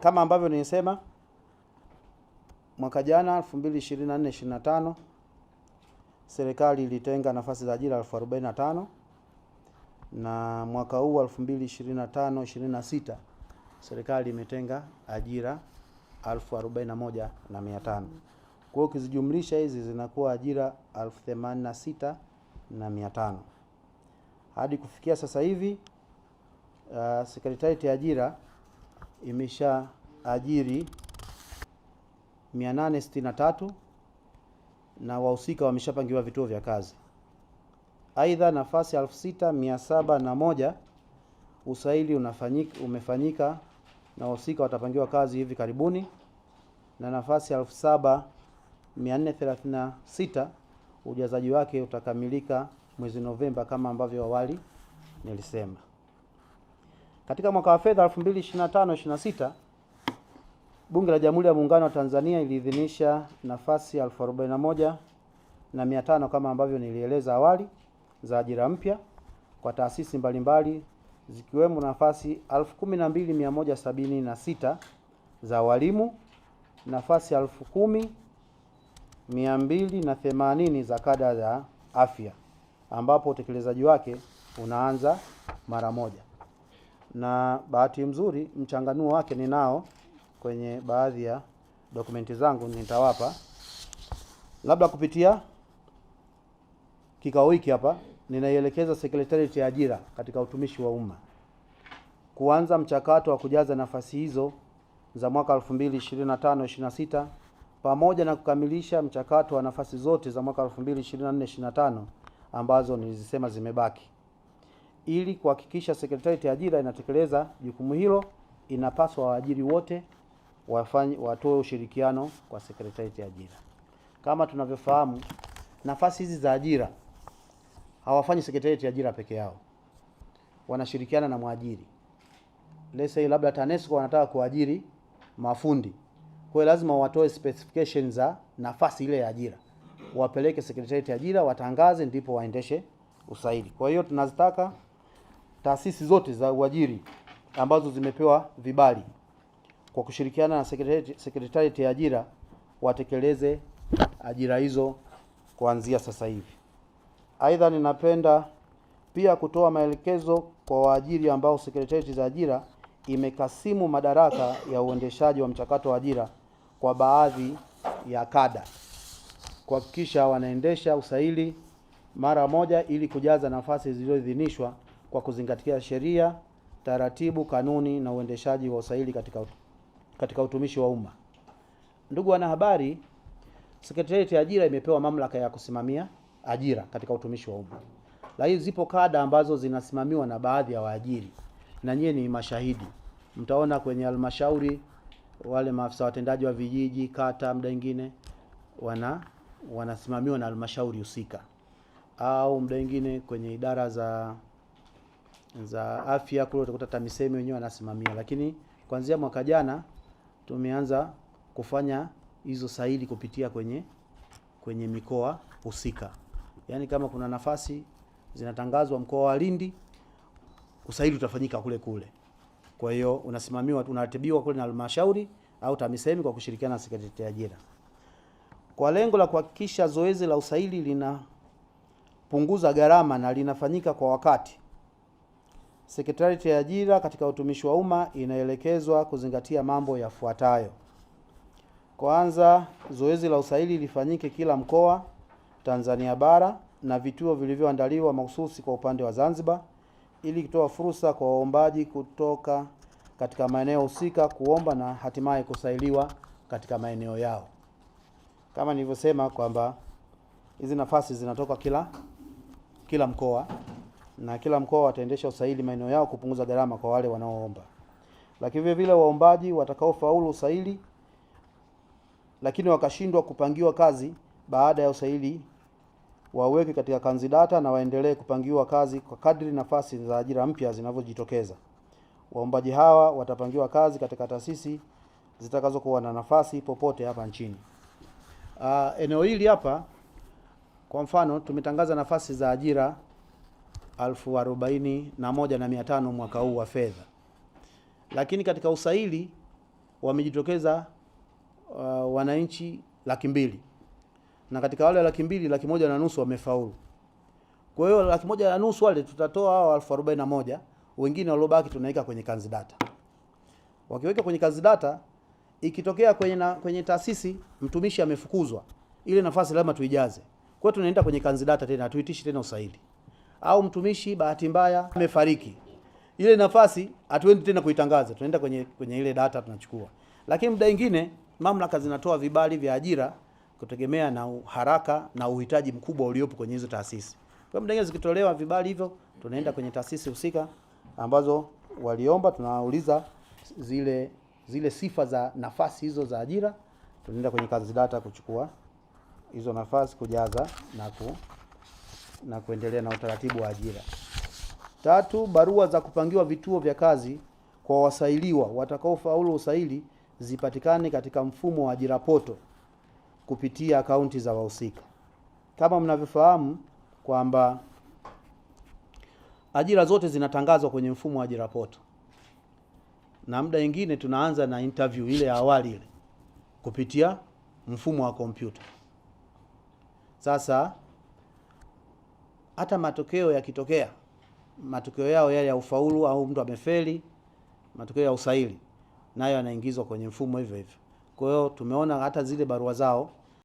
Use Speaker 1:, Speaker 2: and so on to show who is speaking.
Speaker 1: Kama ambavyo nilisema mwaka jana 2024 25 serikali ilitenga nafasi za ajira 1045 45 na mwaka huu 2025 26 serikali imetenga ajira elfu 41 Kwa hiyo ukizijumlisha hizi zinakuwa ajira elfu 86 na 500. Hadi kufikia sasa hivi uh, sekretarieti ya ajira imesha ajiri 863 na wahusika wameshapangiwa vituo vya kazi. Aidha, nafasi 6701 usaili unafanyika, umefanyika na wahusika watapangiwa kazi hivi karibuni, na nafasi 7436 ujazaji wake utakamilika mwezi Novemba kama ambavyo awali nilisema. Katika mwaka wa fedha 2025/26 Bunge la Jamhuri ya Muungano wa Tanzania iliidhinisha nafasi elfu na kama ambavyo nilieleza awali za ajira mpya kwa taasisi mbalimbali zikiwemo nafasi 12176 za walimu, nafasi 10280 za kada ya afya ambapo utekelezaji wake unaanza mara moja na bahati mzuri mchanganuo wake ninao kwenye baadhi ya dokumenti zangu, nitawapa labda kupitia kikao hiki hapa. Ninaielekeza sekretarieti ya ajira katika utumishi wa umma kuanza mchakato wa kujaza nafasi hizo za mwaka 2025 26 pamoja na kukamilisha mchakato wa nafasi zote za mwaka 2024 25 ambazo nilizisema zimebaki ili kuhakikisha sekretarieti ya ajira inatekeleza jukumu hilo, inapaswa waajiri wote wafanye watoe ushirikiano kwa sekretarieti ya ajira. Kama tunavyofahamu, nafasi hizi za ajira hawafanyi sekretarieti ya ajira peke yao, wanashirikiana na mwajiri. Let's say labda TANESCO wanataka kuajiri mafundi, kwa hiyo lazima watoe specifications za nafasi ile ya ajira, wapeleke sekretarieti ya ajira, watangaze, ndipo waendeshe usaili. Kwa hiyo tunazitaka taasisi zote za uajiri ambazo zimepewa vibali kwa kushirikiana na sekretarieti ya ajira watekeleze ajira hizo kuanzia sasa hivi. Aidha, ninapenda pia kutoa maelekezo kwa waajiri ambao sekretarieti za ajira imekasimu madaraka ya uendeshaji wa mchakato wa ajira kwa baadhi ya kada kuhakikisha wanaendesha usaili mara moja ili kujaza nafasi zilizoidhinishwa kwa kuzingatia sheria, taratibu, kanuni na uendeshaji wa usaili katika, katika utumishi wa umma. Ndugu wanahabari, Sekretarieti ya Ajira imepewa mamlaka ya kusimamia ajira katika utumishi wa umma, lakini zipo kada ambazo zinasimamiwa na baadhi ya waajiri, na nyie ni mashahidi. Mtaona kwenye halmashauri wale maafisa watendaji wa vijiji, kata, mda mwingine wana wanasimamiwa na halmashauri husika, au mda mwingine kwenye idara za za afya kule, utakuta TAMISEMI wenyewe wanasimamia, lakini kuanzia mwaka jana tumeanza kufanya hizo saili kupitia kwenye kwenye mikoa husika, yaani kama kuna nafasi zinatangazwa mkoa wa Lindi, usaili utafanyika kule kule. Kwa hiyo unasimamiwa, unaratibiwa kule na halmashauri au TAMISEMI kwa kushirikiana na sekretarieti ya ajira, kwa lengo la kuhakikisha zoezi la usaili linapunguza gharama na linafanyika kwa wakati. Sekretarieti ya ajira katika utumishi wa umma inaelekezwa kuzingatia mambo yafuatayo. Kwanza, zoezi la usaili lifanyike kila mkoa Tanzania bara na vituo vilivyoandaliwa mahususi kwa upande wa Zanzibar ili kutoa fursa kwa waombaji kutoka katika maeneo husika kuomba na hatimaye kusailiwa katika maeneo yao. Kama nilivyosema kwamba hizi nafasi zinatoka kila kila mkoa na kila mkoa wataendesha usaili maeneo yao kupunguza gharama kwa wale wanaoomba. Lakini vile vile waombaji watakaofaulu usaili lakini wakashindwa kupangiwa kazi baada ya usaili waweke katika kanzidata na waendelee kupangiwa kazi kwa kadri nafasi za ajira mpya zinavyojitokeza. Waombaji hawa watapangiwa kazi katika taasisi zitakazokuwa na nafasi popote hapa nchini. Uh, eneo hili hapa kwa mfano tumetangaza nafasi za ajira elfu arobaini na moja na mia tano mwaka huu wa fedha, lakini katika usaili wamejitokeza uh, wananchi laki mbili na katika wale laki mbili laki moja na nusu wamefaulu. Kwa hiyo laki moja na nusu wale tutatoa hao elfu arobaini na moja wengine waliobaki tunaweka kwenye kanzi data. Wakiweka kwenye kanzi data, ikitokea kwenye, na, kwenye taasisi mtumishi amefukuzwa, ile nafasi lazima tuijaze. Kwa hiyo tunaenda kwenye kanzi data tena, tuitishi tena usaili au mtumishi bahati mbaya amefariki, ile nafasi hatuendi tena kuitangaza, tunaenda kwenye, kwenye ile data tunachukua. Lakini muda mwingine mamlaka zinatoa vibali vya ajira kutegemea na haraka na uhitaji mkubwa uliopo kwenye hizo taasisi. Kwa muda mwingine zikitolewa vibali hivyo, tunaenda kwenye taasisi husika ambazo waliomba, tunauliza zile zile sifa za nafasi hizo za ajira, tunaenda kwenye kazi data kuchukua hizo nafasi kujaza na ku na kuendelea na utaratibu wa ajira. Tatu, barua za kupangiwa vituo vya kazi kwa wasailiwa watakaofaulu usaili zipatikane katika mfumo wa ajira poto kupitia akaunti za wahusika. Kama mnavyofahamu kwamba ajira zote zinatangazwa kwenye mfumo wa ajira poto, na muda mwingine tunaanza na interview ile ya awali ile kupitia mfumo wa kompyuta. Sasa hata matokeo yakitokea, matokeo yao yale ya ufaulu au mtu amefeli, matokeo ya usaili nayo yanaingizwa kwenye mfumo hivyo hivyo. Kwa hiyo tumeona hata zile barua zao